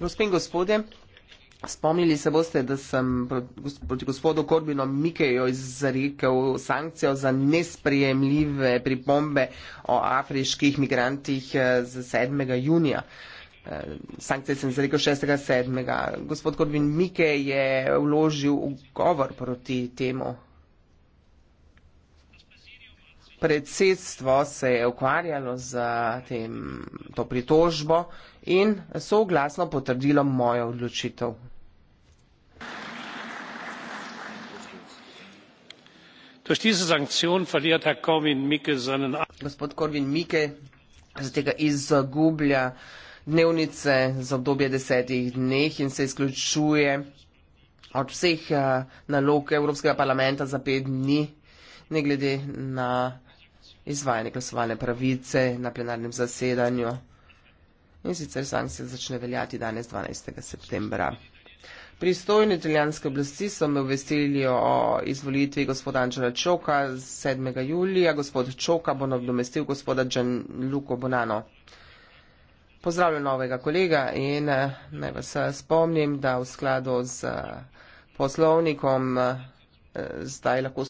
Gospe in gospode, spomnili se boste, da sem proti gospodu Korbino Mikejo izrekel sankcijo za nesprejemljive pripombe o afriških migrantih eh, z 7. junija. Eh, sankcije sem izrekel 6. 7. Gospod Korbin Mike je vložil ugovor proti temu predsedstvo se je ukvarjalo z tem, to pritožbo in soglasno potrdilo mojo odločitev. Gospod Korvin Mike z tega izgublja dnevnice za obdobje desetih dneh in se izključuje od vseh eh, nalog Evropskega parlamenta za pet dni, ne glede na izvajanje glasovalne pravice na plenarnem zasedanju. In sicer sankcije začne veljati danes 12. septembra. Pristojni italijanske oblasti so me obvestili o izvolitvi gospoda Anđela Čoka 7. julija. Gospod Čoka bo nadomestil gospoda Gianluco Bonano. Pozdravljam novega kolega in eh, naj vas eh, spomnim, da v skladu z eh, poslovnikom zdaj lahko.